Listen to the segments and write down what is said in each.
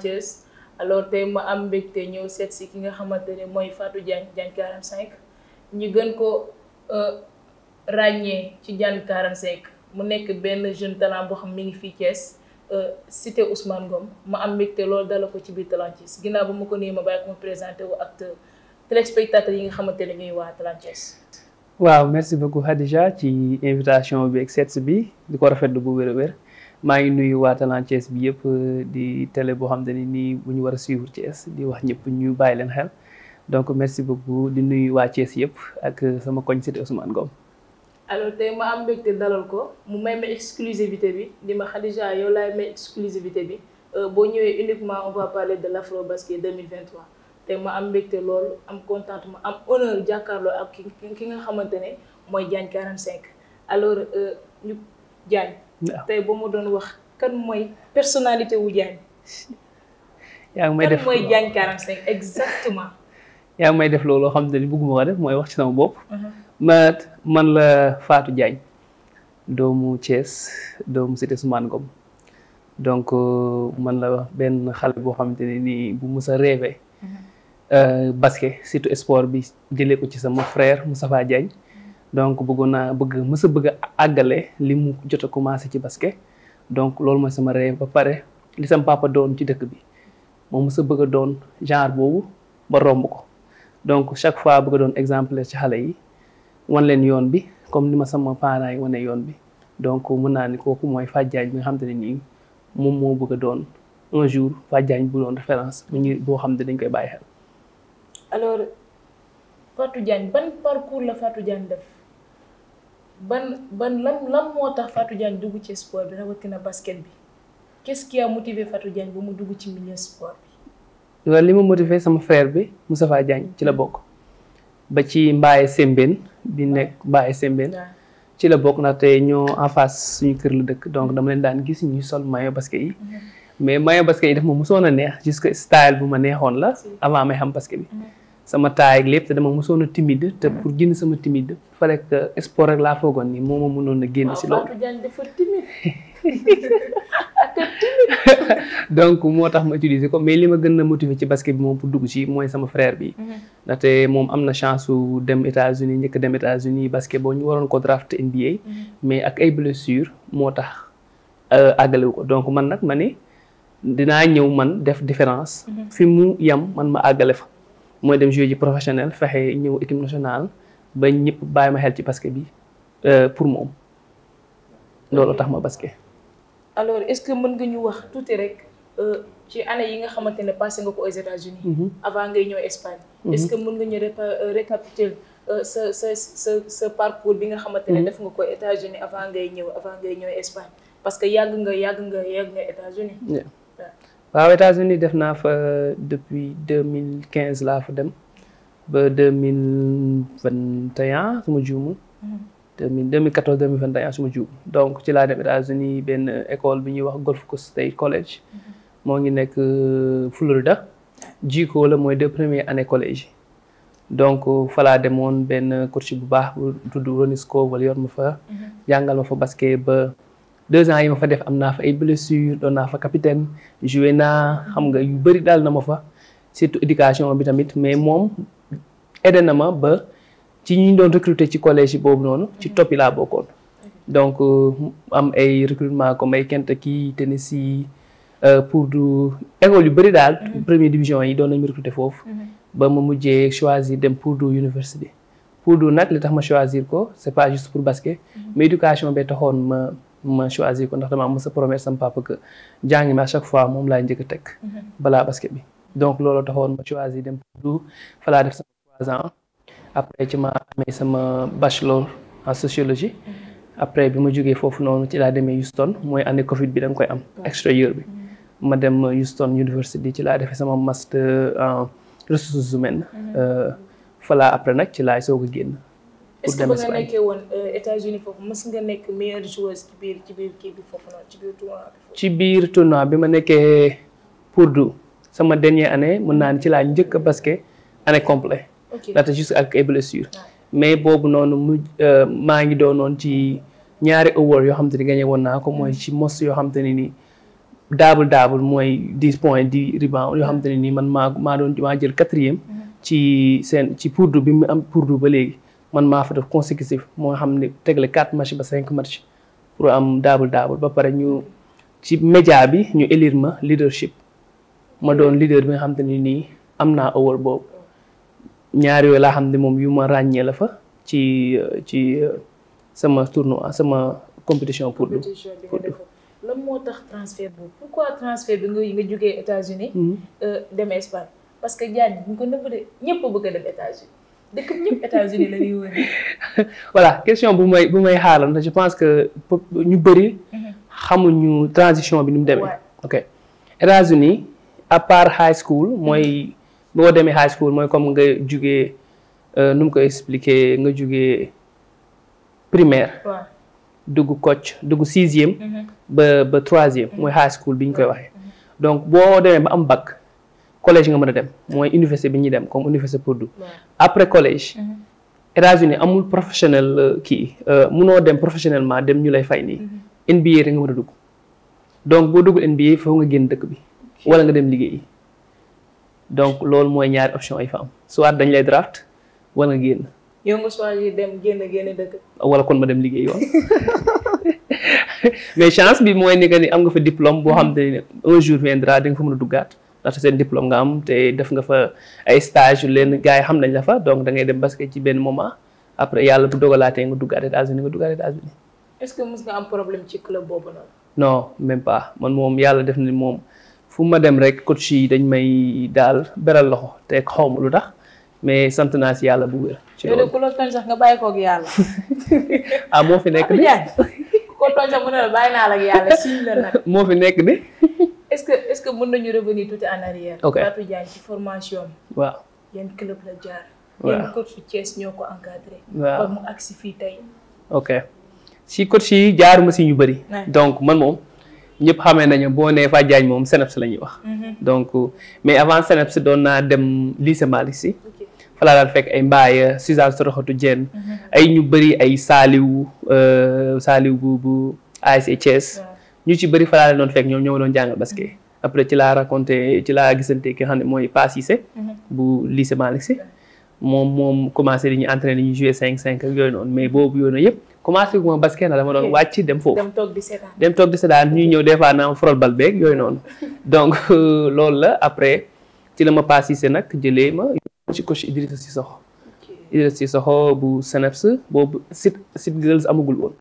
Thiès alors tey ma am mbégte ñëw seet ki nga xamante ne mooy Fatou Diagne Diagne 45 ñu gën ko euh, ràññee ci Diagne 45 mu nekk benn jeune talent boo xam mi ngi fii Thiès euh, cité Ousmane Ngom ma am mbégte loolu dala ko ci biir Talent Thiès ginnaaw ba ma ko nii ma bàyyi ko ma ak téléspectateurs yi nga xamante ne ñuy waa Talent Thiès. waaw merci beaucoup Khadija ci invitation bi ak seet si bi di ko rafetlu bu wér-wér. maa ngi nuyu la bi yëpp di télé bo xam dañ di wax donc merci beaucoup di nuyu waa Thiès yëpp ak sama koñ ci Ousmane Gom alors Je ma am mbégte dalal ko mu may exclusivité bi di ma Khadija yow lay exclusivité euh, uniquement on va parler de l'Afro Basket 2023 ma am mbégte lool am contentement am honneur ak ki nga ne 45 alors euh, ñu Diagne. tay ba ma doon wax kan moy personnalité wu jang yaa ngi may kan def moy jang 45 exactement. yaa ngi may def loolu xam te ni bëgguma ko def moy wax ci sama bop mhm. ma man la Fatou jang doomu Thiès doomu Cité Ousmane gom donc euh, man la wax ben xal boo xam tane ni bu mus a mhm. euh basket surtout sport bi jëlé ko ci sama frère Moustapha Diagne. donc bëggoon naa bëgg mës a bëgg a àggale li mu jot a commencé ci basket donc loolu mooy sama rêve ba pare li sama papa doon ci dëkk bi moom mës a bëgg a doon genre boobu ba romb ko donc chaque fois bëgg doon exemple ci xale wan leen yoon bi comme ni ma sama parent yi wanee yoon bi donc mun naa ni kooku mooy Fadiagne bi nga xam ne nii moom moo bëgg a doon un jour Fadiagne bu doon référence mu ngi boo xam ne dañ koy bàyyi xel. alors Fatou Diagne ban parcours la Fatou Diagne def. ban ban lan lan moo tax Fatou Diagne dugg ci sport bi rawatina basket bi qu'est-ce qui a motivé Fatou Diagne ba mu dugg ci milieu sport bi. loolu li ma motivé sama frère bi mu safaa Diagne ci la bokk ba ci Mbaye Sembène bi nekk ah. Mbaye Sembène ah. ci la bokk ndaxte ñoo en face suñu kër la dëkk donc dama leen daan gis ñuy sol maillot basket yi mm-hmm. mais maillot basket yi daf ma mosoon a neex jusque style bu ma neexoon la avant may xam basket bi. Mm-hmm. sama taay ak lépp dama mosoon a timide te pour génn sama timide fallait que sport rek laa foogoon ni moo ma mënoon a génn si loolu moo tax ma utiliser ko mais li ma gën a motiver ci basket bi moom pour dugg mooy sama frère bi mhm. ndaxte moom am na chance su dem États-Unis njëkk dem États-Unis basket boo ñu waroon ko draft NBA mhm. mais ak ay blessure moo tax euh, àggalewu ko donc man nag ma ne dinaa ñëw man def différence mhm. fi mu yam man ma àggale fa mooy dem jouer ji professionnel fexe ñëw équipe nationale ba ñëpp bàyyi ma xel ci basket bi euh, pour moom loolu tax ma basket. alors est-ce que mën nga ñu wax tuuti rek euh, ci année yi nga xamante ne passé nga ko aux États-Unis mhm. avant ngay ñëw Espagne. Mhm. est que mën nga ñu euh, récapituler sa sa sa sa parcours bi nga xamante ne mhm. def nga ko États-Unis avant ngay ñëw avant ngay ñëw Espagne parce que yàgg nga yàgg nga yàgg nga États-Unis waaw États-Unis def naa fa euh, depuis deux mille quinze laa fa dem ba deux mille vingt et un su ma juumul. Mhm. deux mille deux mille quatorze deux mille vingt donc ci laa dem États-Unis benn école bi ñuy wax Gulf Coast State College. Mhm. moo ngi nekk euh, Florida. jiko la mooy deux premières années collège donc euh, falaa demoon benn coach bu baax bu tudd Ronnie Scovel yor ma fa. Mhm. jàngal ma fa basket ba. deux ans yi ma fa def am naa fa ay blessures doon naa fa capitaine joué naa xam nga yu bëri daal na ma fa surtout éducation bi tamit mais moom aidé na ma ba ci ñi ñu doon recruter ci collège boobu noonu ci mhm. toppi laa bokkoon. donc euh, am ay recrutement comme ay Kentucky Tennessee euh, pour du école yu bëri daal. Mhm. première division yi doon nañu recruter foofu. Mhm. ba mu mujjee choisir dem Purdue Université Purdue nag li tax ma choisir ko c'est pas juste pour basket. mais ma choisir ko ndax damaa mos a promettre sama papa que jàngi mi à chaque fois moom laay njëkk a teg. balaa basket bi donc loolu taxoon ma choisir dem Poundou fa laa def sama trois ans après ci ma amee sama bachelor en sociologie. après bi ma jógee foofu noonu ci laa demee Houston mooy année Covid bi da koy am. extra year bi ma dem Houston University ci laa defee sama master en ressources humaines. Mhm. Euh, fa après nag ci laay soog a génn. est-ce que ba nga euh, nga nekk meilleure joueuse ci biir ci bi tournoi bi. ma nekkee pour du sama dernière année mën naan ci laa njëkk a basket année complet ndaxte juste ak ay blessure mais boobu noonu mu euh, maa ngi doon noonu ci ñaari award yoo xam te ni gagné woon naa ko mm. mooy ci mos yoo xam te ne nii double double mooy dix point di rebound yoo mm. xam te ne nii man maa maa doon maa jël quatrième. Mm. ci seen ci Purdue bi mu am Purdue ba léegi. man maa fa def consécutif moo xam ne tegle quatre match ba cinq match pour am daabul daabul ba pare ñu ci média bi ñu élire ma leadership ma doon leader bi nga xam ni nii am naa award boobu ñaari yooyu laa xam ne moom yu ma ràññee la fa ci ci sama tournoi sama compétition pour du pour du lan moo tax transfert bi pourquoi nga jogee jógee États-Unis mm-hmm. euh, dem Espagne parce que Diagne bu ñu nëbb de ñëpp bëgg a dem États-Unis dëkk ñëpp États-Unis la ñuy wër voilà question bu may bu may xaaral je pense que ñu bëri mhm. xamuñu transition bi ni mu demee. ok unis à part high school mooy mhm. boo demee high school mooy comme nga jugee euh, nu mu ko expliquer nga jugee primaire. dugg coach dugg sixième. Mhm. ba ba troisième mooy high school bi ñu koy waxee. donc boo demee ba am bac. collège nga mëna dem moy université bi ñi dem comme université Purdue après collège mhm. États-Unis amul professionnel euh, ki, euh, mëno dem professionnellement dem ñu lay fay ni mhm. NBA rek nga mën dugg donc bo dugg NBA fo nga génn dëkk bi wala nga dem liggéey donc lool moy ñaar option ay fa am soit dañ lay draft wala nga génn yow nga soit dem génn génn dëkk wala kon ma dem liggéey yoon mais chance bi moy ni nga ni am nga fa diplôme bo xam ne mhm. un jour viendra di fa mëna duggat ndaxte seen diplôme nga am xam nañ la fa donc da ngay dem basket ci benn moment après yàlla bu dogalaatee nga dugg États-Unis am problème ci club boobu noonu. non même pas man moom yàlla def na moom fu ma dem rek coach yi dañ may daal beral loxo te xaw ma lu tax mais sant naa yàlla bu wér. ci loolu ku la ah, moo fi nekk de. ku ko tooñ est-ce que est-ce que mën nañu revenir tuuti formation bi. waaw yan club la jaar. waaw yan coach si coach yi si ñu bëri. donc man moom ñëpp xamee nañu boo nee Fatou Diagne moom CNEPS la ñuy wax. Mhm. donc mais avant CNEPS doon naa dem lycée Malick Sy. fa laa daan fekk ay mbaaya César Soroxatu Dieng. Mhm. ay ñu bëri ay saaliw euh, saaliw bu bu ñu ci bëri falaale doon fekk ñoom ñoo doon jàngal basket après ci laa raconté ci laa gisante ki nga xam ne mooy Pa Cissé mhm. bu lycée Malick Sy moom moom commencé di ñu li ñu joué cinq cinq yooyu noonu mais boobu yooyu noonu yëpp commencé gu ma basket na dama doon wàcc dem foofu dem toog di seetaan ñuy ñëw des fois naa frol bal beeg yooyu noonu donc euh, loolu la après ci la ma Pa Cissé nag jëlee ma ci coach Idrissa Sissoko Idrissa Sissoko bu SNEIPS boobu site site girls amagul woon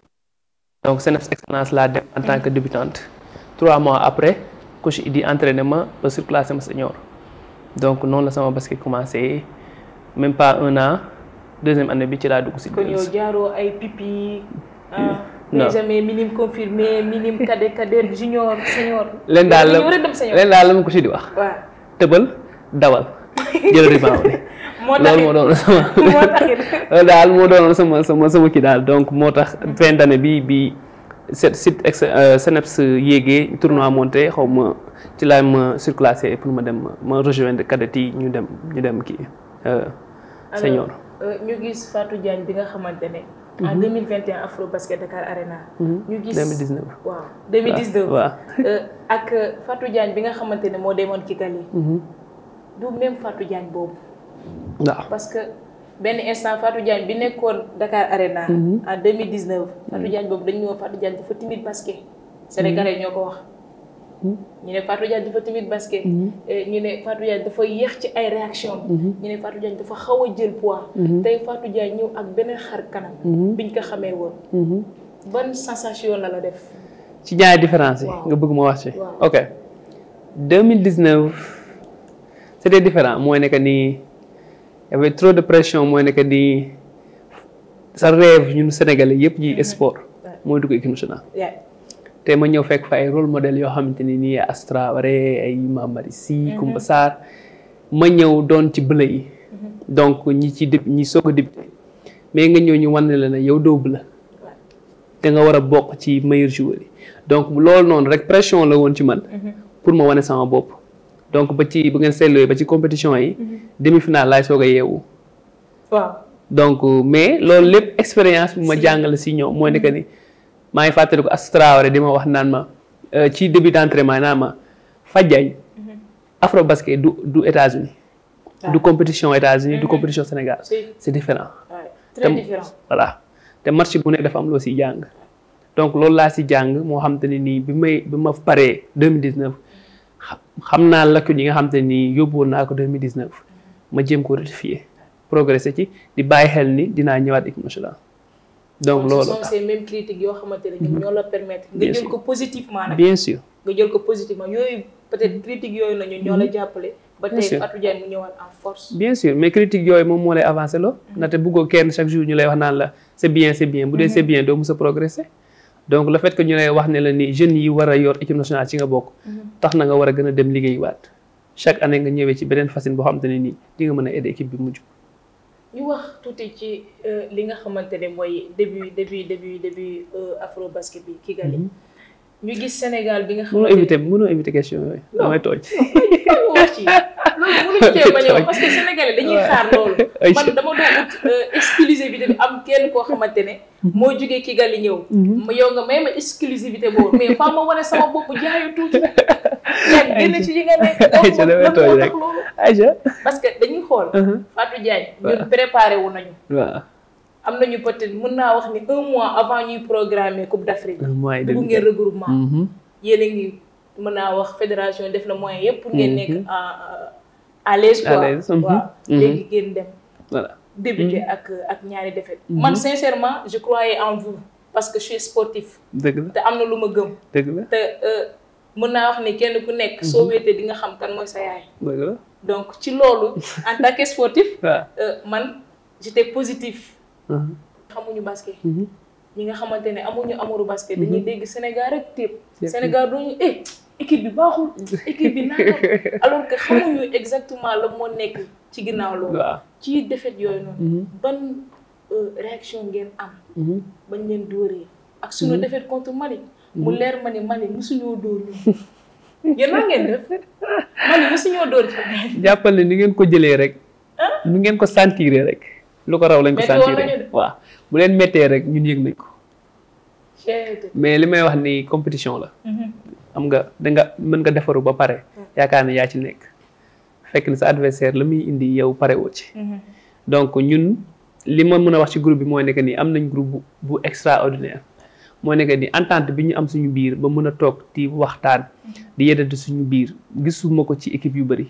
donc c'est Excellence là en tant que débutante trois mois après coach dit entraînement, je suis mon senior donc non la sama basket commencé même pas un an deuxième année bi un pipi. Ah, jamais confirmé minimum cadet cadet junior senior. un la ko di wax. loolu moo daal moo doon sama sama sama daal donc moo tax fin d'année bi bi set site ex CNEPS euh, yéegee tournoi monté xaw ma ci laay ma surclassé pour ma dem ma rejoindre cadet ti ñu dem ñu dem kii euh, senior euh, ñu gis Fatou Diagne bi nga xamante ne en 2021 mhm. Afro Basket mhm. ak Fatou Diagne bi nga xamante ne moo demoon Kigali. Mhm. du même Fatou Diagne boobu. waaw parce que benn instant Fatou Diagne bi nekkoon Dakar Arena. Mhm. en 2019. Fatou Diagne boobu dañu ñëw Fatou Diagne dafa timide basket. Mhm. Sénégalais ñoo ko wax. Mhm. ñu ne Fatou Diagne dafa timide basket. Eh, ñu ne Fatou Diagne dafa yéex ci ay réaction ñu ne Fatou Diagne dafa xaw a jël poids. tey Fatou Diagne ñëw ak beneen xar kanam. biñ ko xamee woon. ban sensation la la def. ci ñaari différence yi nga bëgg ma wax ci. ok 2019 c'était différent mooy nekk nii y avait trop de pression moy nek di sa rêve ñun sénégalais yépp ñi sport mooy dugg équipe nationale té ma ñëw fekk fa ay rôle modèle yoo ni Astra Waré ay Mamadi Si mm-hmm. Kumba Sar ma ñëw doon ci bële yi mm-hmm. donc ñi ci dib ñi soog a débuté mais nga ñëw ñu wané la né yow doo bële té nga wara bok ci meilleur joueur donc lool non rek pression la won ci man mm-hmm. pour ma wané sama bop donc ba ci bu ngeen seetloo ba ci compétition yi. Mhm. demi finale laay soog a yeewu. donc mais loolu lépp expérience bu ma jàngale si ñoom mooy ne que mhm. ni maa ngi fàttali ko Astraoré di ma wax naan ma euh, ci début d'entraînement naan ma Fadiagne. Mhm. afro basket du du États-Unis ah. du compétition États-Unis du compétition Sénégal c'est différent te marché bu nekk dafa am loo si jàng donc loolu laa si jàng moo xam te ne nii bi may bi ma paree 2019 xamna naa lakk yi nga xam te ni yóbbu woon ko 2019 ma jëm ko rectifier progresser ci di bàyyi xel ni dina ñëwaat ik nationale donc lolu ce sont ces mêmes critiques yoo xamante ne ñoo la permettre nga jël ko positivement nag bien sûr nga jël ko positivement yoy peut être critiques yoy nañu ñoo la mm-hmm. jappalé ba tay atu Diagne mu ñëwaat en force bien sûr mais critique yoy moom mo lay avancé loo mm-hmm. ndaxte buggoo kenn chaque jour ñu lay wax naan la c'est bien c'est bien bu dé c'est mm-hmm. bien do mu se progresser donc le fait que ñu lay wax ne la ni jeunes yi war a yor équipe nationale ci nga bokk. Mhm. tax na nga war a gën a dem liggéeyuwaat chaque année nga ñëwee ci beneen fasin boo xamante ne nii di nga mën a aider équipe bi mujj. ñu wax tuuti ci euh, li nga xamante ne mooy début début début début euh, afro basket bi Kigali. Mhm. ñu gis Sénégal bi nga xam ne mënoo éviter mënoo éviter question yooyu. damay tooñ. loolu mënu cee bañ parce que sénégalais dañuy xaar loolu. man dama doon euh, exclusivité bi am kenn koo xamante ne. Mhm. moo jógee Kigali ñëw. Mhm. yow nga may ma exclusivité boobu mais faa ma wane sama bopp jaayu tuuti. yaa génn ci yi nga nekk. damay tooñ rek parce que dañuy xool. Uh-huh. Fatou Diagne ñun préparé wu nañu. waaw. am nañu peut être mëna wax ni un mois avant ñuy programmer Coupe d'afrique un mois dugg ngeen regroupement. Mm-hmm. yéen a ngi mëna wax fédération def na moyen yépp pour ngeen nek mm-hmm. à l'aise quoi à l'aise waaw mm-hmm. léegi ngeen dem. voilà débuter ak ak ñaari défaite. man sincèrement je croyais en vous parce que je suis sportif. deug la te amna luma gëm. deug la te euh mëna wax ni kenn ku nek so wété di nga xam kan moy sa yaay. deug la donc ci lolu en tant que sportif. euh man j'étais positif. xamuñu basket. Mhm. ñi nga xamante ne amuñu amuru basket. Mhm. dañuy dégg Sénégal rek téep Sénégal duñu eh équipe bi baaxul équipe bi naan alors que xamuñu exactement la moo nekk ci ginnaaw loolu. ci defet yooyu noonu. Mhm. ban euh, réaction ngeen am. bañ leen dóoree. ak suñu défaite contre Mali. mu leer ma ni mu mosuñoo dóor ñu. yéen a ngeen def Mali mosuñoo dóor ci. jàppal ni ngeen ko jëlee rek. nu ngeen ko sentir rek. lu ko raw lañ ko sentiré waaw bu len metté rek ñun yëg nañ ko mais li may wax ni compétition la am nga da nga mën nga défaru ba pare yaakaar ne ya ci nek fekk ni sa adversaire la indi yow pare wo ci donc ñun li ma mën wax ci groupe bi moy nek ni am nañ groupe bu extraordinaire moy nek ni entente bi ñu am suñu biir ba mëna tok ti di waxtaan mhm. di yedante suñu biir gisuma ko ci équipe yu bëri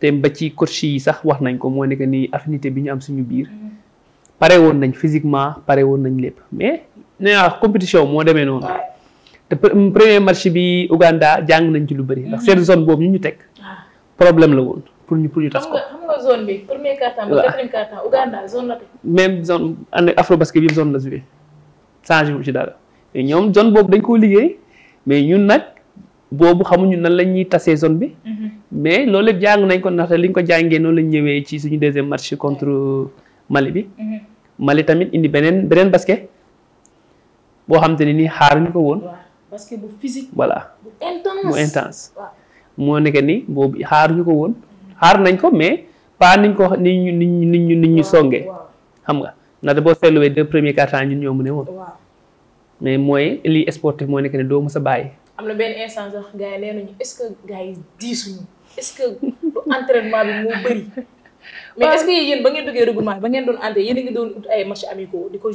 te ba ci coach yi sax wax nañ ko moo nekk ni affinité bi ñu am suñu biir pare woon nañ physiquement pare woon nañ lépp mais nee naa compétition moo demee noonu te premier marché bi Ouganda jàng nañ ci lu bëri. ndax seen zone boobu ñu ñu teg problème la woon pour ñu pour ñu tas ko. xam nga zone bi premier quart zone la teg. même zone ànd afro basket bi zone la joué changé wu ci dara ñoom zone boobu dañ koo liggéey mais ñun nag. boobu xamuñu nan lañ ñuy tasee zone bi. Mhm. mais loolu lépp jàng nañ ko ndaxte liñ ko jàngee noonu lañ ñëwee ci suñu deuxième match contre Mali bi. Mhm. Mali tamit indi beneen beneen basket boo xam ne nii xaaruñu ko woon. basket voilà bu intense. moo nekk ni boobu xaaruñu ko woon. xaar nañ ko mais pas niñ ko ni ñu ni ñu ni ñu songee. xam nga ndaxte boo seetluwee de premiers quart-temps ñun ñoo mu ne woon. mais mooy lii sportif moo nekk ne doo mës a bàyyi. am na benn instant sax gars yi nee nañu est-ce que gars yi bi moo bëri. mais est-ce que yéen ba ngeen duggee regroupement ba ngeen doon entraîné yéen a ngi doon ut ay match amicaux di ko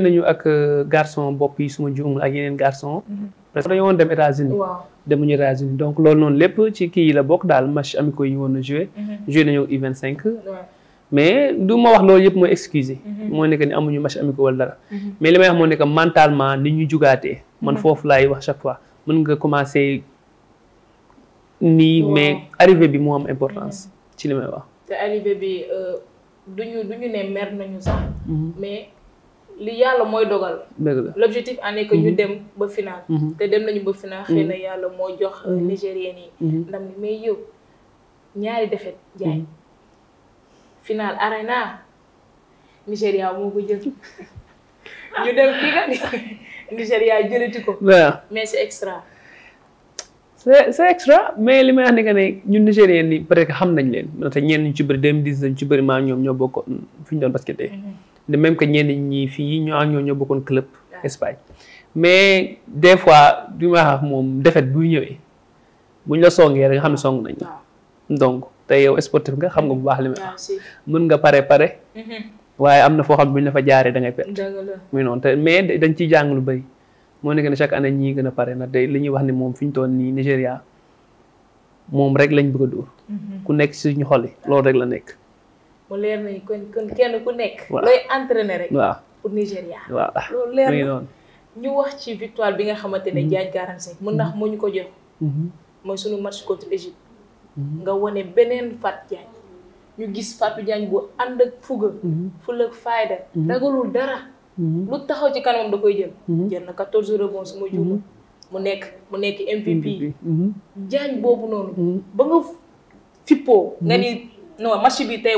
nañu ak euh, garçon bopp yi suma juumul ak yeneen garçon mhm. parce que dañoo woon dem États-Unis demuñu états donc loolu noonu lépp ci kii la bokk daal match amicaux yi ñu woon a joué. Mhm. joué nañu mais du ma wax loolu yëpp mooy excuse. Mhm. moo nekk ni amuñu match amicaux wala mais li may wax moo nekk mentalement ni ñu jugaatee. man mhm. foofu laay wax chaque fois mën nga commencer nii mais arrivé bi moo am importance mhm. ci li may wax. te arrivé bi euh, duñu duñu ne mer nañu sax. Mhm. mais li yàlla mooy dogal. dëgg la l'objectif en ñu dem ba final. te dem nañu ba final. xëy na yàlla moo jox euh, nigériens yi. ndam mais yow ñaari défaite jaay. final arena Nigéria moo ko ñu dem kii Nigéria jëlati ko. waaw mais c'est extra. c'est c'est mais li may wax ne que ne ñun Nigériens ni peut être que xam nañ leen ndaxte ñenn ñu ci bëri 2010 ci bëri maa ñoom ñoo bokkoon fi ñu doon basketté. Mm-hmm. de même que ñenn ñi fii ñoo ñoo ñoo bokkoon club. Espagne mais des fois du ma wax moom défaite buy ñëwee buñ la songee rek nga xam ne song nañ donc te yow sportif nga xam nga bu baax li may wax. mën nga pare pare. Mm-hmm. waaye am na foo xam ne bu ñu la fa jaaree da ngay perte muy noonu te mais dañ ciy jàng lu bëri moo nekk ne chaque année ñii gën a pare na day li ñuy wax ne moom fi ñu toll nii Nigéria moom rek lañ bëgg a dóor mhm. ku nekk suñu xol yi loolu rek la nekk mu leer nañu kon kon kenn ku nekk looy entre rek waaw leer na ñu wax ci victoire bi nga xamante ne mhm. Diagne 45 mu ndax mhm. moo ñu ko jox mooy suñu match contre Égypte nga wone beneen Fatou Diagne ñu gis Pape Diagne bu ànd ak fuga mhm. ful ak fayda mhm. ragalul dara mhm. lu taxaw ci kanamam da koy jël jël na quatorze rebond su ma juum mu nekk mu nekk MVP Diagne boobu noonu ba nga fippoo nga ni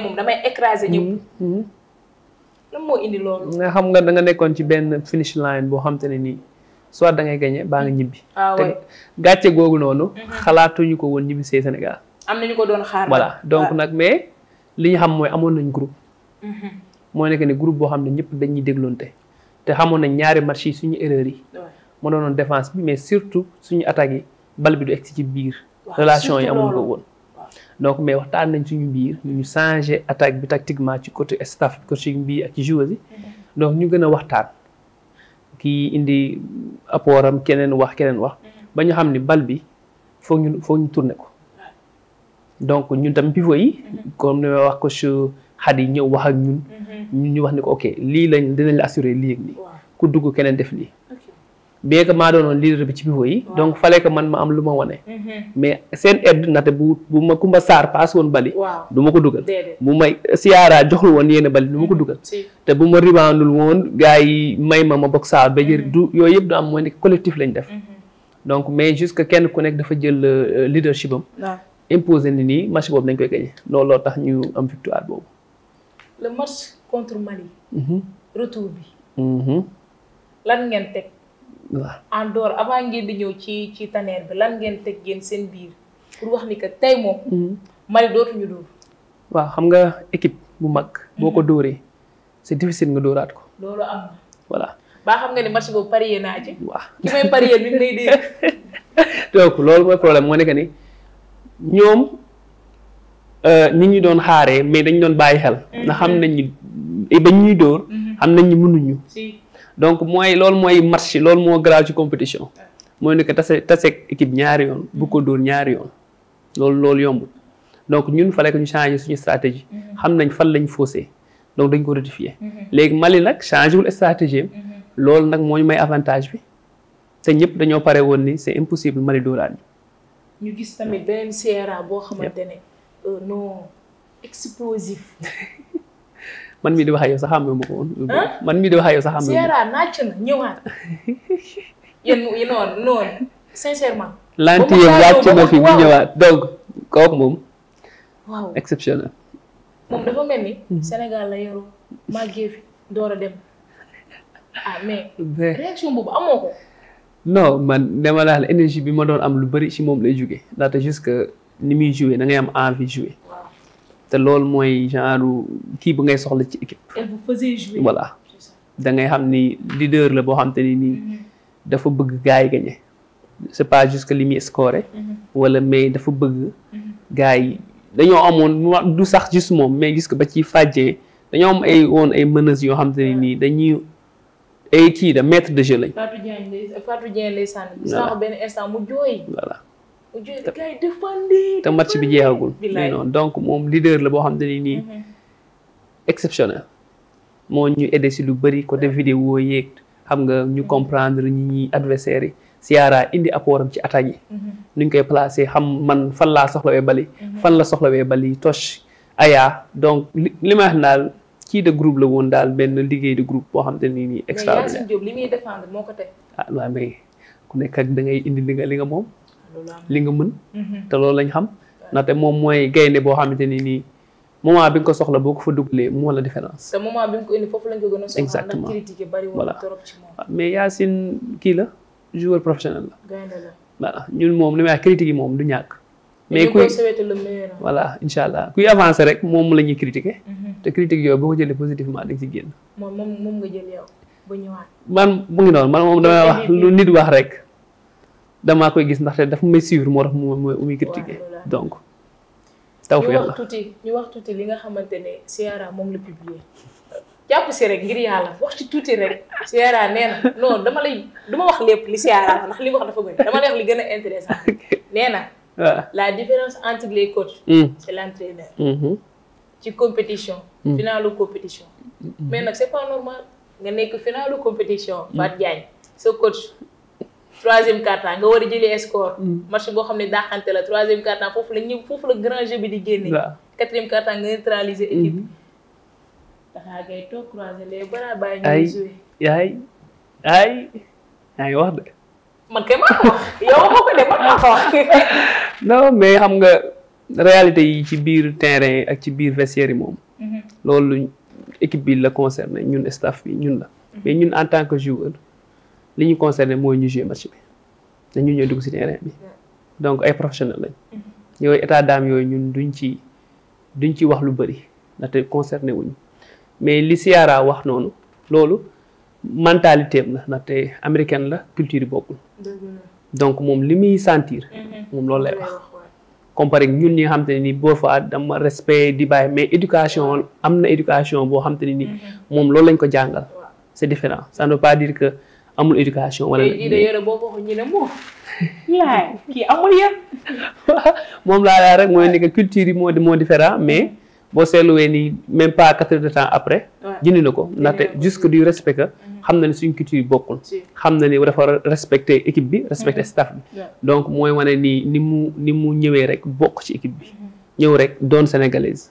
moom damay écraser ñëpp moo indi loolu nga xam nga da nga nekkoon ci benn finish line boo xam ne nii soit da ngay gañe baa nga ñibbi ah, te gàcce googu noonu xalaatuñu ko woon ñibbi see Sénégal am nañu ko doon xaar donc ah. nag mais li ñu xam mooy amoon nañ groupe. Mhm. moo nekk ni groupe boo xam ne ñëpp dañuy dégloonte te xamoon nañ ñaari marché yi suñu erreur yi. moo doonoon défense bi mais surtout suñu attaque yi bal bi du egg ci biir. relation yi amuñ woon. donc mais waxtaan nañ suñu biir ñu changé attaque bi tactiquement ci côté staff coaching bi ak ci joueurs yi. Mhm. donc ñu gën a waxtaan. kii indi apportam keneen wax keneen wax. Mhm. bañu xam ni bal bi foog ñu foog ñu tourné ko. donc ñun tam pivot yi. comme li ma wax coach Khady ñëw wax ak ñun. ñun mhm. ñu wax ni ko ok lii lañ dinañ la assurer lii ak lii. ku dugg keneen def lii. bien que maa doonoon leader bi ci pivot yi. donc fallait ko man ma am lu ma wane. Mhm. mais seen aide nate bu bu ma Kumba Sarr paas woon bali. du ma ko mhm. dugal. bu may siyaara joxul woon yenn bali du ma ko dugal. te bu ma ribaandul woon gars yi may ma ma bokk saa ba jër du yooyu yëpp du am mooy ne collectif lañ def. donc mais juste que kenn ku nekk dafa jël euh, leadership am. imposé ni match bobu dañ koy gagné lolo tax ñu am victoire bobu le match contre Mali. Mhm. retour bi. Mhm. lan ngeen tek en dehors avant ngeen di ñew ci ci tanner bi lan ngeen tek ngeen seen biir pour wax ni que tey moom. Mhm. Mali dootu ñu door wa xam nga équipe bu mag. boko ko c'est difficile nga dóoraat ko. lolo am voilà ba xam nga ni match bobu parier na ci. wa ki may parier ni ngi lay dégg. donc lolo moy problème moo nekk ni. ñoom euh, nit ñu doon xaaree mais dañ doon bàyyi xel. Mhm. na xam nañ ni eh, bañ ñuy dóor. Mhm. xam nañ ni mënuñu. donc mooy loolu mooy match loolu moo garaaw ci compétition. mooy ne que tase taseeg équipe ñaari yoon bu ko dóor ñaari yoon loolu loolu yombul donc ñun fallait que ñu changer suñu stratégie. Mhm. xam nañ fan lañ faussé donc dañ ko rectifier. léegi Mali nag changé wul stratégie loolu nag moo ñu may avantage bi te ñëpp dañoo pare woon ni c'est impossible Mali dóoraat ñu gis tamit beneen CRA boo xamante ne euh, non explosif. man mii di wax ak yow sax xamee ko man mii di wax ak yow sax xamee ma ko woon CRA ñëwaat. yéen noonu moom. waaw moom dafa mel ni. Hmm. Sénégal la yoroo màggee fi door dem ah mais. réaction boobu ko. non man dama daal énergie bi ma doon am lu bëri ci moom lay jóge ndaxte que ni muy joué da ngay am envie jouer te loolu mooy genre kii bu ngay soxla ci équipe. elle vous da ngay xam ni leader la boo xam te nii mm-hmm. dafa bëgg gars yi gagné c'est pas li muy scoré. Mm-hmm. wala mais dafa bëgg. Mm-hmm. gars yi dañoo amoon du sax juste moom mais gis ko ba ci fàjjee dañoo am ay woon ay menaces yoo xam te ne nii dañuy. ay kii da maître de jeu lañ. Fatou Diagne lay Fatou Diagne lay sànni. voilà benn te match bi jeexagul. donc moom leader la boo xam ne nii. Mm-hmm. exceptionnel. moo ñu aidé si lu bëri côté vidéo yeeg xam nga ñu mm-hmm. comprendre ñi ñuy adversaires yi. Siara indi apportam ci attaque yi. Mm-hmm. nuñ koy placé xam man fan laa soxlawee bali. fan la soxlawee bali tosh aya donc li ma kii de groupe la woon daal benn liggéey de groupe boo xam te nii nii extraordinaire mais li muy ah, li nga li nga ah, li nga mën mhm. te loolu lañ xam ndaxte moom mooy gaynde boo xamante ni nii moment bi nga ko soxla boo ko fa dugalee moo la différence. te moment bi nga ko indi foofu lañ a soxla. exactement ndax critique bari ah, mais Yacine kii la joueur professionnel la. gaynde la voilà ñun moom li may wax critique yi moom du ñàkk. mais kuy voilà incha allah kuy avancer rek moom la ñuy critiquer. Mhm. te critique yooyu boo ko jëlee positivement da nga ci génn. moom moom moom nga jël yow mu ngi noonu man moom damay wax lu nit wax rek damaa koy gis ndax ndaxte dafa may suivre moo tax mu muy muy critiquer donc. taw fi yàlla ñu wax tuuti li nga xamante ne Ciara moom la publier jàpp si rek ngir la wax ci tuuti rek Ciara nee na dama lay du wax lépp li Ciara ndax li wax dafa bëri dama lay wax li gën a intéressant nee na. la différence entre les coachs. c'est hmm. l'entraîneur. Mm-hmm. ci compétition. Mm. finalu compétition. mais nag c'est pas normal nga nekk finalu compétition. Mm. Fatou Diagne sa coach. troisième quart-temps nga war a jëlee score. Mm. match boo xam ne daaxante la troisième quart-temps foofu la ñëw foofu la grand jeu bi di génne. waaw quatrième quart-temps nga neutraliser mm-hmm. équipe. daxaa ngay toog croiser les bras bàyyi ñu ay ay ay wax de. man kay maa ko yow maa ko de man maa ko wax. non mais xam nga. réalité yi ci biir terrain ak ci biir vestiaire yi moom. Mhm. loolu équipe bi la concerné ñun staff bi ñun la. Mhm. mais ñun en tant que joueur li ñu concerné mooy ñu jouer match bi dañu ñëw dugg si terrain bi donc ay professionnels lañ. Mhm. yooyu état d'âme yooyu ñun duñ ci duñ ci wax lu bëri ndaxte concerné wuñu mais li Ciara wax noonu loolu mentalité am la ndaxte américaine la culture yi bokkul. donc moom li muy sentir. moom loolu lay wax. comparé ñun ñi nga xam te ne ni dama respect di bàyyi mais éducation am na éducation boo xam te ne ni mhm. moom loolu lañ ko jàngal c'est différent ça ne veut pas dire que amul éducation wala kii amul yëpp moom laa laa rek mooy ni que culture yi moo moo différent mais mhm. boo seetluwee nii même pas quatre de temps après jëndi ko ndaxte jusque du respect xam na ne suñ culture bokkul xam na ni dafa respecté équipe bi respecté mm-hmm. staff bi donc mooy wane nii ni mu ni mu ñëwee rek bokk ci équipe bi mm-hmm. ñëw rek doon sénégalaise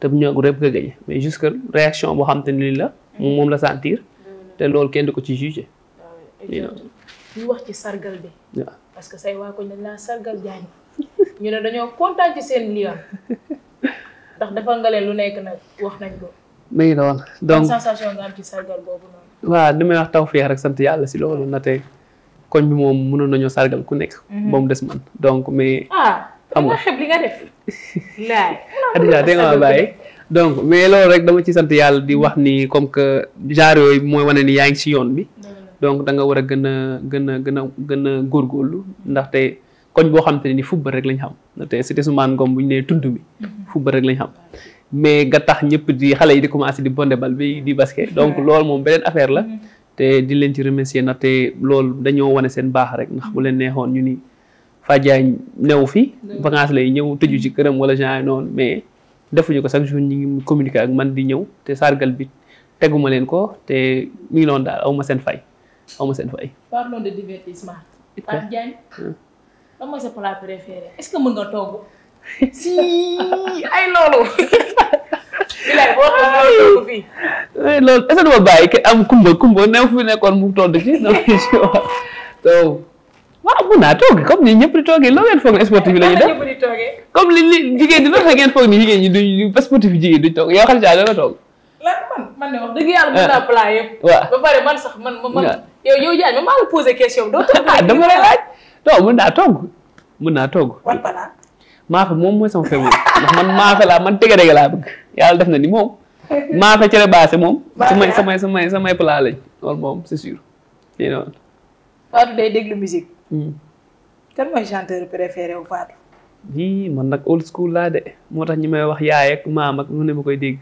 te bu ñëw rek nga gagné mais jusque réaction boo xam te ni la mm-hmm. moom la sentir te loolu kenn du ko ci jugé ah, ñu wax ci sargal bi parce que say waa ko dañ laa sargal jaañ ñu ne dañoo kontaan ci seen lion ndax defal nga leen lu nekk nag wax nañ ko. mi ngi donc waaw li may wax tawféex rek sant yàlla si loolu na te koñ bi moom mënoon nañoo sargal ku nekk. ba mhm. mu des man donc mais. xam ah, nga xeeb li nga def. donc mais loolu rek dama ci sant yàlla di wax ni comme que genre yooyu mooy wane ni yaa ngi si yoon bi. donc danga war a gën a gën a gën a gën a góorlu ndaxte koñ boo xam te ne ni football rek lañ xam te c'était Ousmane Ngom bu ñu nee tund bi. Mhm. football rek lañ xam. mais nga tax ñëpp di xale yi di commencé di bondé bal bi di basket donc loolu moom beneen affaire la mm-hmm. te di leen ci na ndaxte loolu dañoo wane seen baax rek ndax bu leen neexoon ñu ni Fadja new fi vacances lay ñëw tëju ci këram wala genre noonu mais defuñu ko chaque jour ñu ngi communiquer ak man di ñëw te sargal bi teguma leen ko te mi ngi noonu daal aw ma seen fay aw ma seen fay. parlons de divertissement. Pape nga togg. si ay loolu. bilaay boo xam ne loolu fii. loolu est-ce que dama bàyyi ke am kumba kumba ne fu nekkoon mu toll ci non si waaw. mun naa toog comme ni ñëpp di toogee loo ngeen foog ne sportif bi la ñuy def comme li li jigéen di doon ngeen foog ni jigéen ñi duñ sportif bi jigéen duñ toog yow xam nga danga toog. lan man man de wax dëgg yàlla naa ah. plan yëpp. man sax man man. Ah. yow yow Diagne ma maa la posé question doo toog. Ah, dama laaj non mën naa toog mën naa toog. maafe moom mooy sama favori ndax man maafe laa man dëgg dëgg laa bëgg yàlla def na ni moom maafe cere baase moom. samay samay samay samay plat lañ loolu moom c'est sûr. Fatou déglu musique. Hmm. kan mooy chanteur préféré wu Fatou. nag old laa moo tax ñi may wax yaay maam ak lu ne ma koy dégg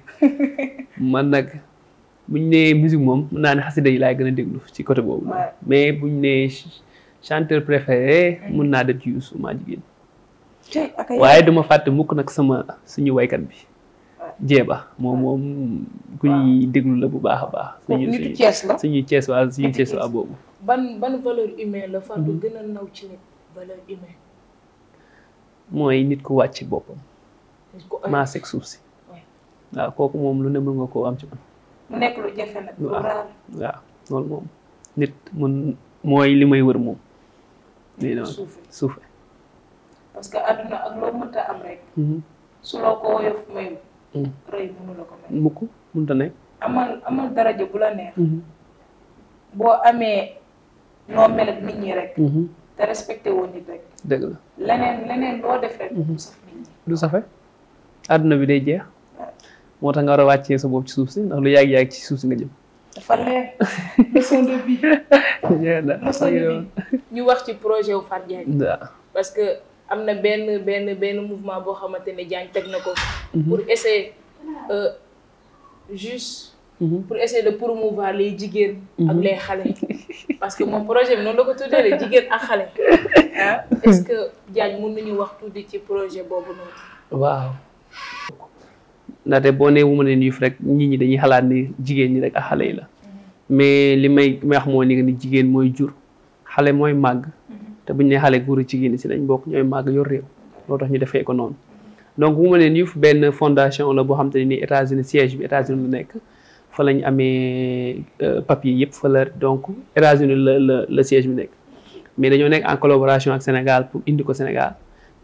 man nag buñ nee musique moom mën naa ne xasida yi laay gën a déglu ci côté boobu. mais buñ nee chanteur préféré hmm. mën naa de ci Youssou maa jigéen. waaye duma fàtte mukk nag sama suñu waykat bi jeeba ah. moom ah. moom ku ñuy ah. déglu la bu baax a baax suñu Cees suñuy Cees waa suñu Cees waa boobu ban ban valeur humaine la Fatou mhm. gën a naw ci nit valeur humaine mooy nit ku wàcc boppam maa seeg suuf si kooku moom lu ne mën nga koo nit mooy li may wër moom suufe parce que aduna ak lo mënta am rek. su lo ko woyof may rey mënu la ko may. mukk mënta nek amal amal daraja bu la neex. Ya. Hmm. bo amé no mel ak nit ñi rek. Hmm. te respecté woon nit rek. deug la lenen lenen loo def rek. du saf nit ñi. du safe àdduna bi day jeex. motax nga wara a sa bop ci suuf ci ndax lu yàgg yàgg ci suuf ci nga jëm. dafa leer leçon de vie. ñu wax ci projet wu Fatou Diagne. parce que. am na benn benn benn mouvement boo xamante ne Diagne teg na ko. Mhm. pour essayer euh, juste. Mhm. pour essayer de promouvoir les jigéen. Mhm. ak les xale. parce que mon projet bi noonu la ko tuddee jigéen ak xale. Hein? est-ce que Diagne mën nañu wax tuuti ci projet boobu noonu. waaw. ndaxte boo nee Women Youth rek nit ñi dañuy xalaat ni jigéen ñi rek ak xale yi la. mais li may may wax moo ni ni jigéen mooy jur xale mooy màgg. te buñ ne xale góor si dañ bokk ñooy màgg yor réew loo tax ñu defee ko noonu donc bu ma leen benn fondation la boo xam ne nii États-Unis siège bi états nekk fa lañ amee euh, papier yëpp fa donc États-Unis la la la siège bi nekk mais dañoo nekk en collaboration pour indi ko Sénégal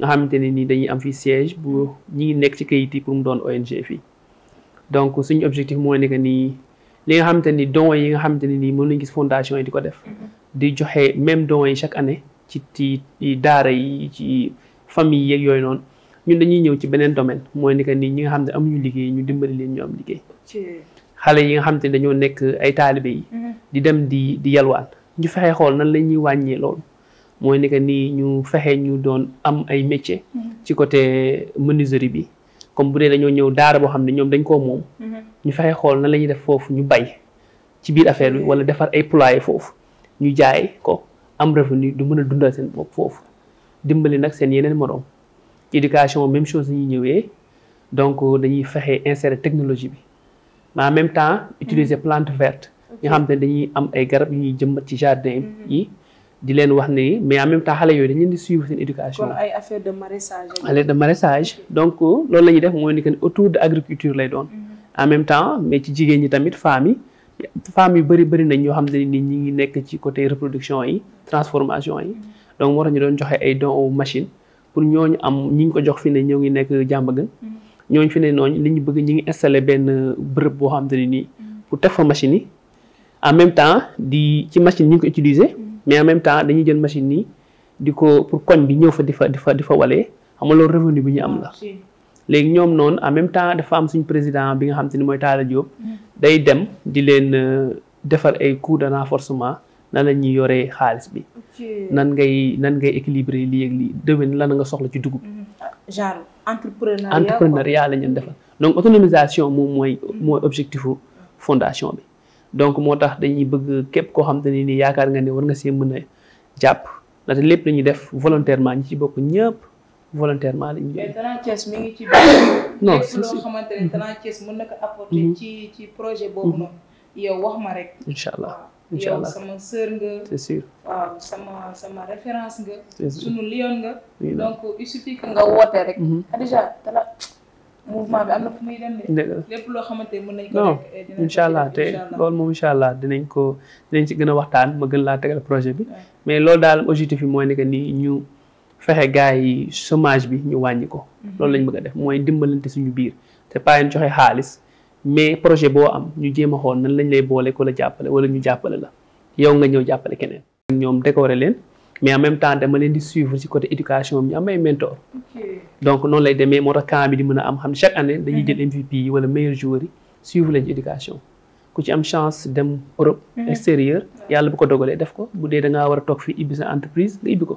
nga xamante ne nii dañuy am fii siège bu ñi ngi nekk ci kayit yi pour mu doon ONG fii donc suñu objectif mooy ne que nii li nga xamante ni dons yi nga xamante ne nii mën nañ gis fondation yi di ko def di joxe même dons yi chaque année ci ci daara yi ci famille yeeg yooyu noonu ñun dañuy ñëw ci beneen domaine mooy ni que ni ñi nga xam ne amuñu liggéey ñu dimbali leen ñu am liggéey. xale yi nga xam ne dañoo nekk ay taalibe yi. Mm-hmm. di dem di di yalwaan ñu fexe xool nan la ñuy wàññee loolu. mooy ni que nii ñu fexe ñu doon am ay métier. Mm-hmm. ci côté menuiserie bi comme bu dee dañoo ñëw daara boo xam ne ñoom dañ koo moom. Mm-hmm. ñu fexe xool nan la ñuy def foofu ñu bay ci biir affaire bi wala defar ay poulailler foofu ñu jaay ko. am revenu du mën dundal sen bopp fofu dimbali nak sen yenen morom ci éducation même chose ñi ñëwé donc dañuy fexé insérer technologie bi mais en même temps utiliser plantes vertes ñu xam te dañuy am ay garab yu ñuy jëmbat ci jardin mhm. yi di leen wax ni mais en même temps xale yooyu dañu di suivre sen éducation. comme ay affaire de maraîchage. affaire de maraîchage donc loolu lañuy def mooy ni que autour de agriculture lay doon. Mhm. en même temps mais ci jigéen ñi tamit femmes femmes yu bari bari nañ ñoo xam ne ni ñi ngi nekk ci côté reproduction yi transformation yi donc moo tax ñu doon joxe ay don au machine pour ñooñu am ñi ko jox fi ne ñoo ngi nekk jàmba gën mm. ñooñu fi ne noonu li ñu bëgg ñi ngi installé benn bërëb boo xam ne ni mm. pour teg fa machine yi en même temps di ci machine ñu ko utiliser mm. mais en même temps dañuy jël machine yi di ko pour koñ bi ñëw fa di fa di fa di fa walee xam nga loolu revenu bi ñu am la ah, léegi ñoom noonu en même temps dafa am suñ président bi nga xam te ni mooy Talla Diop mm. day dem di leen euh, defar ay cours de forcement nan la ñuy yoree xaalis bi. nan ngay nan ngay équilibrer lii ak lii lan nga soxla ci dugub. Mm-hmm. Ah, genre entrepreneuriat entrepreneuriat la ñu defar donc autonomisation moom mooy mm-hmm. mooy objectifu fondation bi. donc moo tax dañuy bëgg képp koo xam te ne nii yaakaar nga ne war nga see mën a jàpp ndaxte lépp la ñuy def volontairement ñi ci bokk ñëpp. volontairement lañ jógee. mais Talent ngi ci bi non si si loo xamante ne Talent na ko apporter. Mm-hmm. ci ci projet boobu mm-hmm. noonu. yow wax ma rek. incha allah incha allah sama sœur nga. c'est sûr waaw sama sama référence nga. c'est sûr sunu lion nga. donc il nga woote rek. Khadija mm-hmm. ah, Tala mouvement bi la lépp loo xamante ne mën nañ ko. non eh, incha allah loolu moom dinañ ko dinañ ci gën a waxtaan ma gën laa tegal projet bi. mais loolu daal objectif mooy ne que ñu. fexe gars yi chômage bi ñu wàññi ko. Mhm. loolu lañ bëgg a def mooy dimbalante suñu biir te pas ñu joxe xaalis mais projet boo am ñu jéem a xool nan lañ lay boole ko la jàppale wala ñu jàppale la yow nga ñëw jàppale keneen. ñoom décorer leen mais en même temps dama leen di suivre ci côté éducation ñu am ay mentor. donc noonu lay demee moo tax camp di mën a am xam chaque année dañuy mhm. jël MVP yi wala meilleur joueur yi suivre leen ci éducation. ku ci am chance dem Europe mhm. yàlla bu ko dogalee def ko bu dee da ngaa toog fii ibbi sa entreprise ko.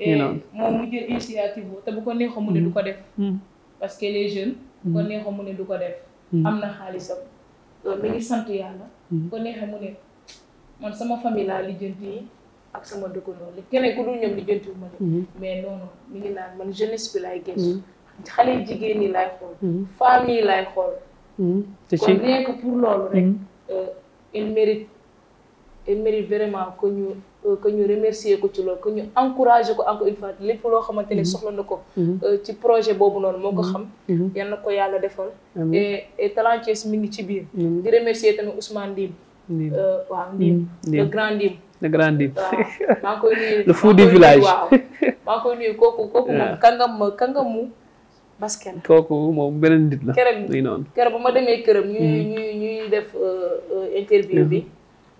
moom mu jël initiative te bu ko neexoon mu ne du ko def. Hmm. parce que les jeunes. bu ko hmm. neexoon mu ne du ko def. Hmm. am na xaalisam. mi ngi sant yàlla. bu ko neexee mu ne man sama famille laa lijjanti yi ak sama dëkkandoo li keneen ku dul ñoom lijjanti ma mais noonu mi ngi naan man jeunesse bi laay gëstu. xale jigéen ñi laay xool. famille laay xool. te ci kon rien pour loolu rek. Euh, il mérite. il mérite vraiment que ñu que ñu remercier ko ci loolu que ñu encourager ko encore une fois loo xamante ne mhm. soxla na ko. Mhm. Euh, ci projet boobu noonu moo ko mhm. xam. yal na ko yàlla defal. et et mi ngi ci biir. di remercier tamit Ousmane Ndim. Ndim euh, waaw Ndim le grand Ndim. le grand Ndim waaw nuyu. le fou du village waaw maa ngi koy nuyu kooku kooku moom kàngam kàngamu. basket kooku moom beneen nit la. keroog keroog ba ma demee këram. ñuy ñuy ñuy def euh, interview bi.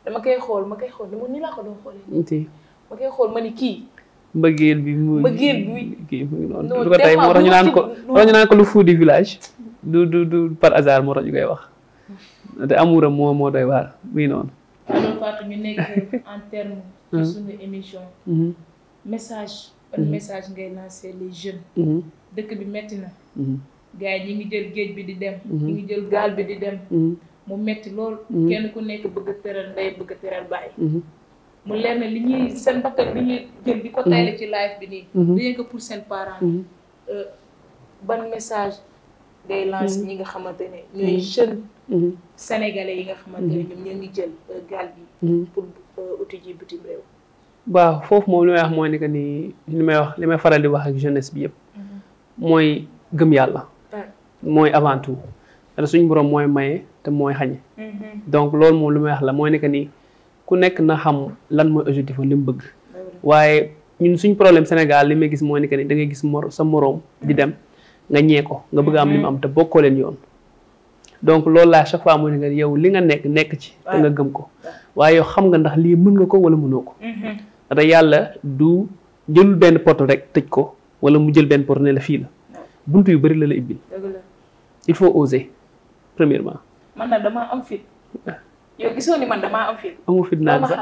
dama koy xool ma koy xool ko ma xool ma ni kii. mbëggeel bi mu mbëggeel bi kii mu ngi noonu. du ko tey moo tax naan ko moo tax ñu village. du du par hasard moo tax ñu koy wax. te amuram moo moo doy waar muy noonu. alors Fatou ñu nekk en terme. ci suñu émission. Mm-hmm. message. ban mm-hmm. message ngay lancer les jeunes. Mm-hmm. dëkk bi metti na. gars yi ngi jël géej bi di dem. ñu ngi jël gaal bi di dem. mu metti lool. Mhm. kenn ku nekk bëgg a tëral ndey bëgg tëral baay. Mhm. mu leer na li ñuy seen bakkan bi ñuy jël di ko mhm. tayle ci live bi nii. rien que pour seen parents. Euh, ban message ngay lancer ñi nga xamante ne ñooy yi nga xamante ne ñoom ñoo ngi jël euh, gaal bi. pour euh, uti ji bitim réew. waaw foofu moom li may wax mooy ni que ni li may wax li may faral di wax ak jeunesse bi yëpp. mooy gëm yàlla. mooy avant tout. te suñu borom moy maye te xagn hmm donc lool mom lu wax la moy nek ni ku nekk na xam lan moy objectif lim bëgg waye ñun suñ problème sénégal limay gis moy nek ni da ngay gis mor sa morom di dem nga ñé ko nga bëgg am lim am te bokko len yoon donc lool la chaque fois moy nek yow li nga nekk nekk ci te nga gëm ko waye yow xam nga ndax li mën nga ko wala mëno ko da mm-hmm. yàlla du jël ben porte rek tejj ko wala mu jël ben porte ne la fi la buntu yu bari la la ibbil il faut oser premièrement. man na dama am fit. yow gisoo ni man dama am fit. amoo fit naa sax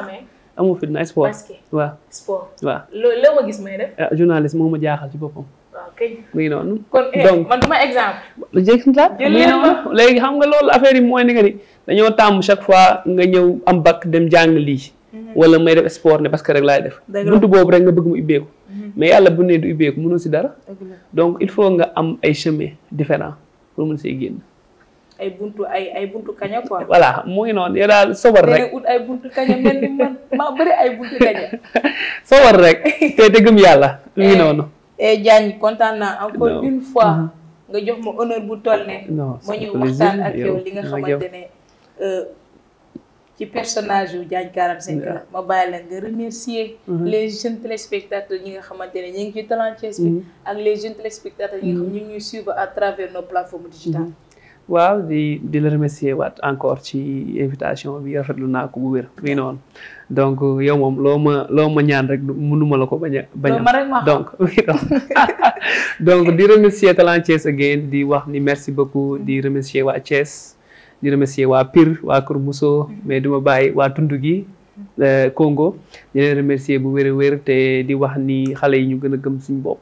amoo fit naa sport. waaw sport. waaw loo loo ma gis may def. Eh? ah eh, journaliste moo ma jaaxal ci boppam. waaw kay. muy noonu. kon eh, man du ma exemple. jërëjëf la muy noonu léegi xam nga loolu affaire yi mooy ni que ni dañoo tàmm chaque fois nga ñëw am bac dem jàng lii. Mhm. wala may def sport ne parce que rek laay def. buntu boobu rek nga bëgg mu ubbeeku. Mhm. mais yàlla bu ne du ubbeeku mënoo si dara. donc il faut nga am ay chemin différent pour mun see génn. ay buntu ay ay buntu kaña quoi. voilà mu ngi noonu yow daal sobar rek ay buntu kaña ay buntu kaña. sobar te te yàlla mu ngi eh, noonu. Eh, Diagne kontaan naa encore une fois. Mm-hmm. nga jox ma honneur bu toll ne. non ma ñuy waxtaan ak li nga xamante ne. Euh, ci personnage yu Diagne 45 la ma bàyyi la nga remercier mm-hmm. les jeunes téléspectateurs ñi nga xamante ne ñu ngi ci Talent Thiès bi mm-hmm. ak les jeunes téléspectateurs ñu ngi ñuy suivre à travers nos plateformes digitales waaw di di la remercier waat encore ci invitation bi rafetlu naa ko bu wér mi noonu donc yow moom loo ma loo ma ñaan rek mënuma la ko bañ a bañ a donc donc di remercier talent Thiès again di wax ni merci beaucoup di remercier waa Thiès di remercier waa Pir waa Kër Mousso mais duma bàyyi waa tund gi euh, Congo di leen remercier bu wér wér te di wax ni xale yi ñu gën a gëm suñu bopp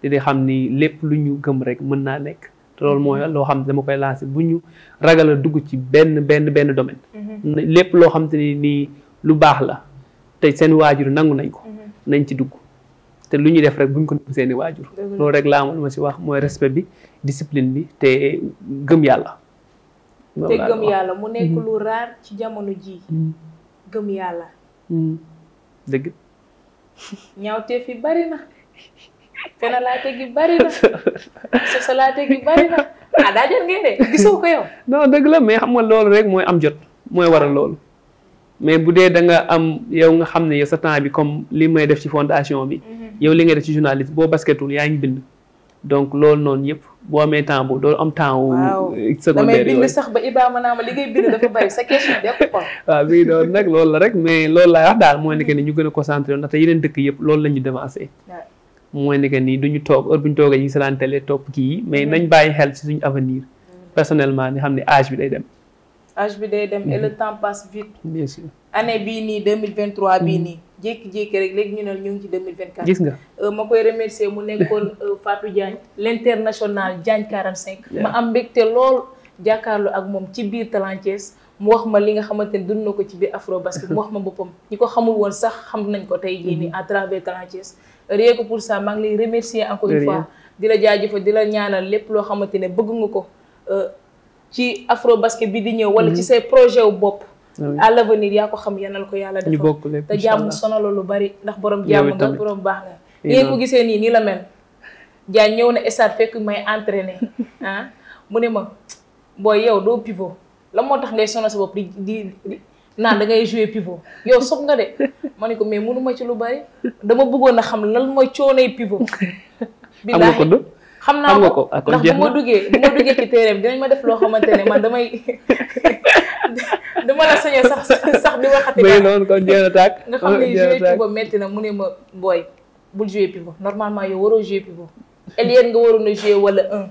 di di xam ni lépp lu ñu gëm rek mën naa nekk te loolu mooy loo xam ne dama koy lancé bu ñu ragal a dugg ci benn benn benn domaine. Mm-hmm. lépp loo xam ni nii lu baax la te seen waajur nangu nañ ko. Mm-hmm. nañ ci dugg te lu ñuy def rek bu ñu ko nëbb seen waajur. loolu rek laa amoon ma si wax mooy respect bi discipline bi te gëm yàlla. te gëm yàlla mu nekk mm-hmm. lu raar ci jamono ji gëm yàlla. dëgg. ñaawteef yi bari na. te laajte gi bari na sa laajte gi bari na ah daa jot ngeen de gisoo ko yow. non dëgg la mais xam nga loolu rek mooy am jot mooy waral loolu mais bu dee da nga am yow nga xam ne yow sa temps bi comme li may def ci fondation bi. Mhm. yow li ngay def ci journaliste boo basketul yaa ngi bind. donc loolu noonu yëpp boo amee temps boobu doo am temps. wu secondaire damay bind sax ba Iba ma naa ma li ngay bind dafa bari sa question bi ko. waaw bii doon nag loolu la rek mais loolu laay wax daal mooy ne que ni ñu gën a concentré woon ndaxte yeneen dëkk yëpp loolu la ñu devancé. mooy ne que nii duñu toog heure bu ñu toogee ñu ngi seetaan télé topp kii mais nañ bàyyi xel ci suñu avenir personnellement ni xam ne âge bi day dem. âge bi day dem et le temps passe vite. bien sûr année bii nii nii. jékki-jékki rek léegi ñu ne ñu ngi ci 2024. gis nga euh, ma koy remercier mu nekkoon euh, Fatou Diagne. l' international Diagne 45. ma am mbégte lool jàkkaarloo ak moom ci biir Talenties mu wax ma li nga xamante ni dund na ko ci biir Afrobasket mu wax ma boppam ñu ko xamul woon sax xam nañ ko tey jii nii à travers Talenties. rien que pour ça maa ngi lay remercier encore une fois di la jaajëfal di la ñaanal lépp loo xamante ne bëgg nga ko euh, ci afro basket bi di ñëw wala ci mhm. say projet wu bopp ah à l'avenir yaa ko xam yanal ko yàlla defal te jàmm sonalo lu bari ndax borom jàmm nga boroom baax nga nii ko gisee nii nii la mel Diagne ñëw na stade fekk may entraîner ah mu ne ma booy yow doo pivot la moo tax ngay sonal sa bopp di naan da ngay jouer pivot yow soog nga de ma ne ko mais mënu ci lu bari dama bëggoon a xam lan mooy coonay pivot. am nga ko dë xam naa ko ah, ndax bu ma duggee bu ma duggee ci bi dinañ ma def loo xamante ne man damay dama la sañee sax sax di waxati. mais noonu kon jeex na tàkk nga xam ne jouer pivot metti na mu ne ma booy bul jouer pivot normalement yow waroo jouer pivot. ailier nga waroon a jouer wala un.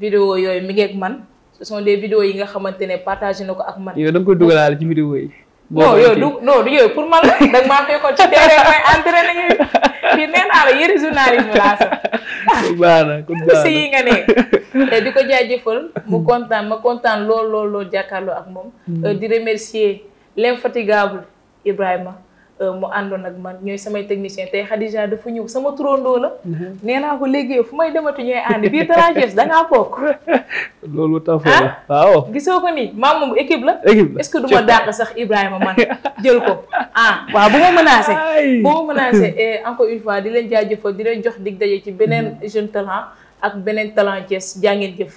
vidéo yooyu mi ngeeg man. ce sont des vidéos yi nga xamante ne partagé na ko ak man. yow da nga koy dugalaale ci vidéo yi. non yow yooyu pour man la da nga ko ci terrain mooy entraîné nañu fii nee naa la yëri laa sax. baax na kon baax na si yi nga di ko jaajëfal mu kontaan ma kontaan lool jàkkaarloo ak moom. Mm. Euh, di remercier l'infatigable Ibrahima. Euh, mu àndoon ak man ñooy samay technicien tey Khadija dafa ñëw sama turandoo la. Mhm. nee naa ko léegi fu may demati ñooy ànd biir Tranchées da ngaa bokk. loolu tax la ah? waaw. gisoo ko nii maam moom équipe la. équipe la est-ce que du ma dàq sax Ibrahima man jël ko ah waaw bu ma menacé. bu ma encore une fois di leen jaajëfal di leen jox dig daje ci beneen mhm. jeune talent ak beneen talent Thiès jaa jëf.